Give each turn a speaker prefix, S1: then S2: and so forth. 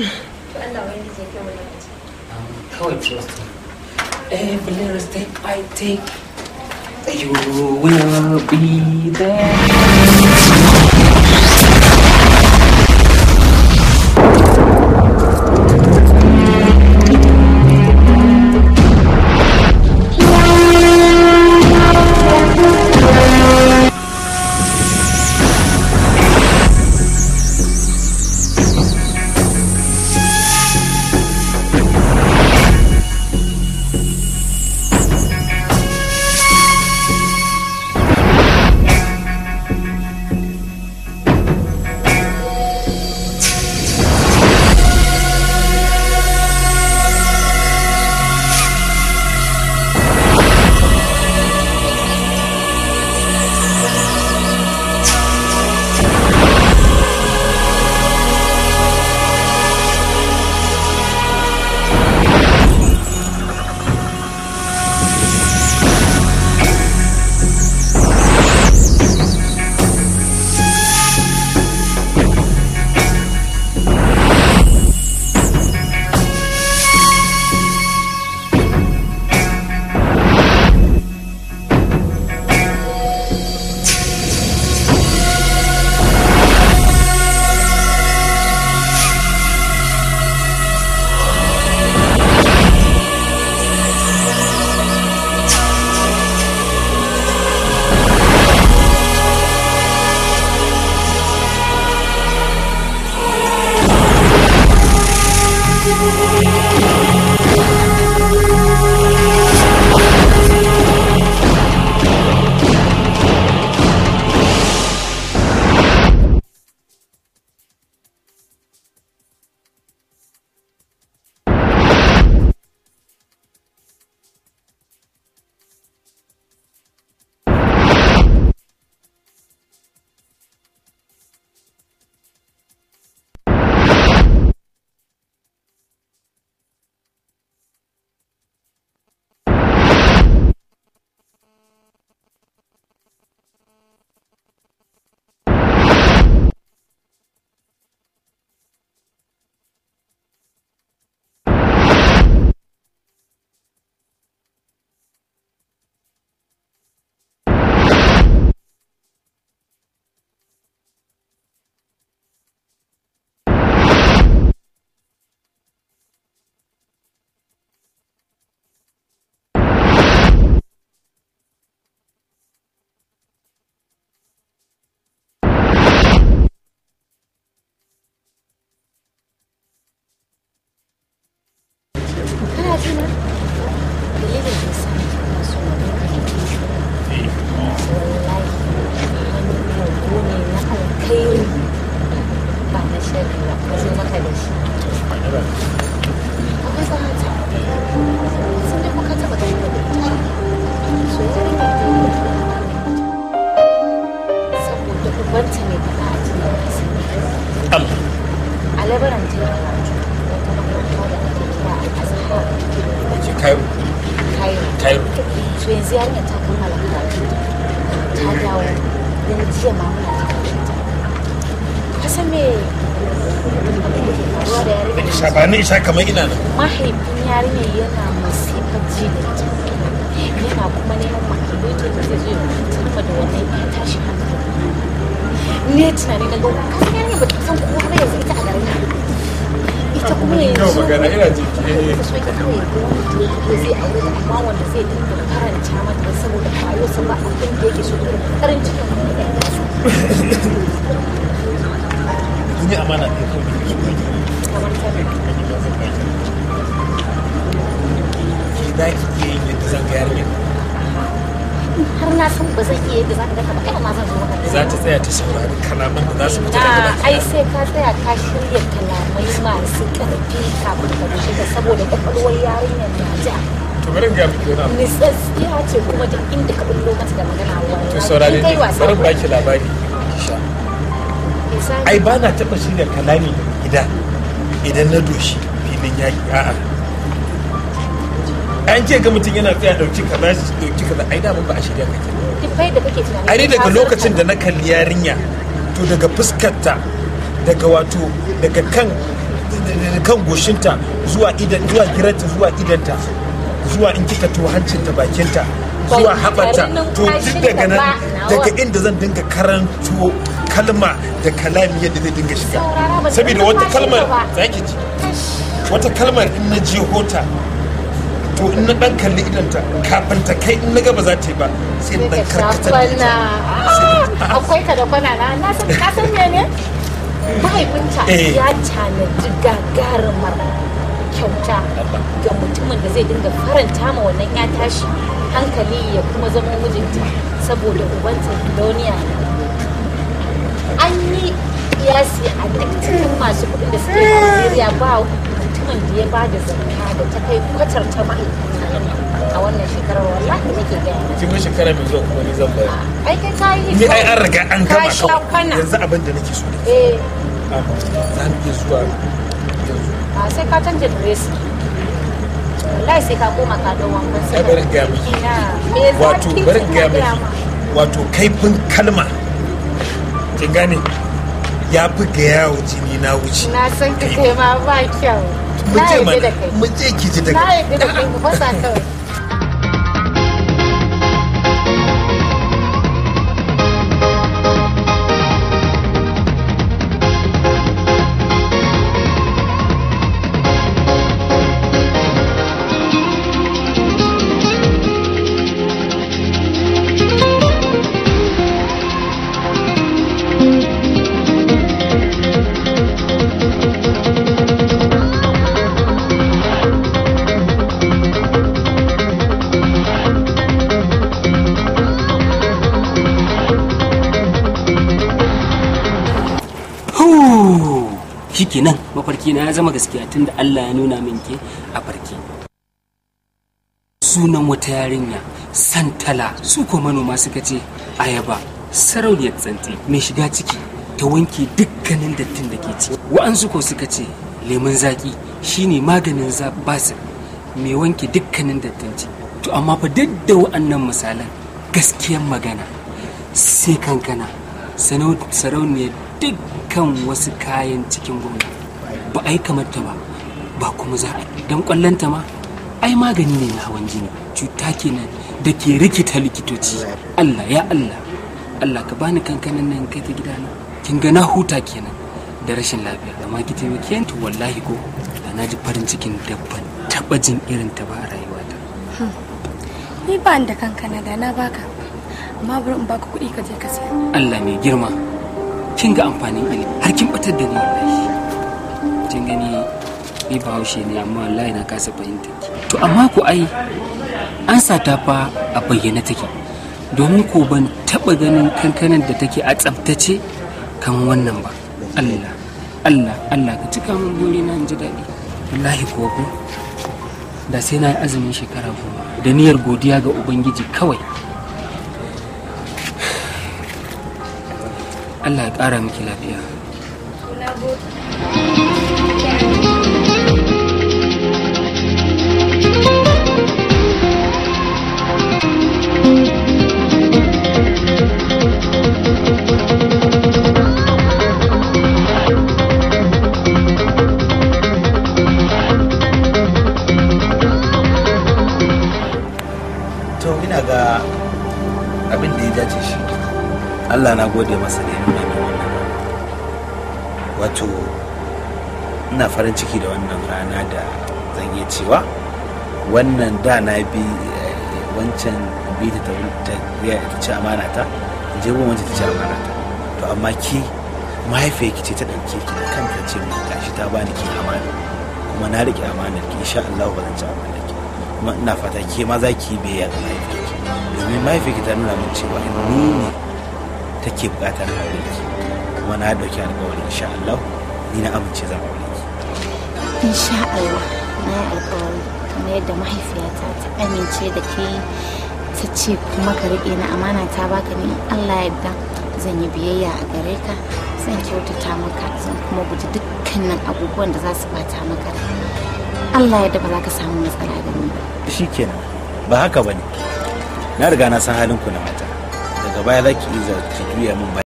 S1: Allah wanda zai kai every little step I take you will be there ubanta ne da na'ajin da kasa Allah a labaran ta yi wata makaranta da ake kira al-azhar da ke kairo yanzu yarinya ta kammala karatu ta dawo don jiya ma ta karanta kasan me Isha ba ni isha kamar ina nan. Mahaifin yarinya yana masifar ji da ita. Yana kuma neman mahaifin da zai zo ya tafi da wannan tashin hankali. ne tunani na gauna ka san yarinya bata san kowa ba yanzu ita a garin nan ita kuma yanzu yau magana ina jiki ne ta so ita kawai yanzu wani tuwo zai aure da amma wanda zai dinga karanta mata saboda kwayo sun ba abin da yake so da cikin wani da ya so ni amana ne ko ne so ne ki da ki yin yadda zan na san ba zan iya yadda za ka daga magana ma zan zo maka za ta tsaya ta saurari kalaman da za su fita daga baki ai sai ka tsaya ka shirya kalamai masu ƙarfi kafin ka rushe saboda kwakwalwar yarinyar na ja to bari ga ce kuma duk inda ka bullo mata da magana to ni bari baki labari ai ba na taɓa shirya kalami gida idan na doshi filin yaƙi a'a an ce ga mutum yana tsaya dauki kaza shi dauki kaza ai da mun ba a shirya kake duk bai da kake tunani ai daga lokacin da na kalli yarinya to daga fuskarta daga wato daga kan kan goshinta zuwa idan zuwa giranta zuwa idanta zuwa in kika to hancinta bakinta zuwa habanta to duk daga nan daga inda zan dinga karanto kalma da kalami yadda zai dinga shiga saboda wata kalmar zaki ji wata kalmar in na je hota to in na dan kalli ta kafin ta kai in na gaba za ta yi ba sai in dan karkatar da ita ah, akwai ka da kwana na na san ka san me ne mahaifinta eh. ya diga gagarumar kyauta ga mutumin da zai dinga faranta ma wannan ya tashi hankali ya kuma zama mijinta saboda ubanta duniya an yi kiyasi a duk cikin masu kudin da suke a Najeriya ba A da ya bada da da ta gaya ni zan ka yi ni an gama kawai yanzu abin da nake so eh ah, za mu iya zuwa a sai ka canja wallahi sai ka koma ka don sai bari wato bari miki wato kaifin kalma gane ya fi ga yawo jini na wuce na san ka kai ma ba kyau mu je mu je ki ji daga na da kai ku fasa kawai kenan mafarki na ya zama gaskiya tun da Allah ya nuna min ke a farki sunan wata yarinya santala su ko manoma suka ce ayaba sarauniyar tsantsi mai shiga ciki ta wanke dukkanin dattin da ke ciki wa'ansu ko suka ce lemun zaki shine maganin basir mai wanke dukkanin dattin ciki to amma fa duk da wa'annan misalan gaskiyar magana sai kankana sarauniyar dukkan wasu kayan cikin gona ba a yi kamarta ba ba kuma za a don kwallonta ma ai magani ne na hawan jini cuta kenan da ke rikita likitoci allah ya allah allah ka bani kankanin nan kai ta gidana kin ga na huta kenan da rashin lafiya amma ki taimake ni wallahi ko da na ji farin cikin dabban taba jin irin ta ba a rayuwata ni ba da kankana da na baka amma bari in baka kuɗi ka je ka saya Allah mai girma kin ga amfanin Ali, har kin batar da ni kin gani ni ba haushe ne amma wallahi na kasa fahimta to amma ku ai an sata fa a bayyana take domin ko ban taba ganin kankanan da take a tsaftace kan wannan ba Allah Allah Allah ka cika min gori na ji daɗi wallahi ko ko da sai na yi azumin shekara goma da niyyar godiya ga ubangiji kawai Allah ya ƙara miki lafiya. Allah na gode masa da ya nuna wannan wato ina farin ciki da wannan rana da zan iya cewa wannan da na bi eh, wancan bi ta ta ci amana ta je bin wancan ta ci amana ta to amma ki mahaifiyar ki ce ta ɗauke ki da kanta ce mai shi ta bani ki amana kuma na riƙe amanar ki insha Allah ba zan ci amanar ki kuma ina fata ke ma za ki yi biyayya ga mahaifiyarki domin ki ta nuna min cewa ni ne take buƙatar aure ki kuma na dauki alƙawari insha Allah ni na amince zan aure ki insha Allah na yi alƙawari kamar yadda mahaifiyata ta amince da ke ta ce kuma ka riƙe na amana ta baka ni Allah yadda zan yi biyayya a gare ka zan kyautata maka zan kuma guji dukkanin abubuwan da za su bata maka Allah yadda ba za ka samu matsala da ni ba shikenan ba haka bane na riga na san halin ku na mata daga baya zaki ki iya juya min baya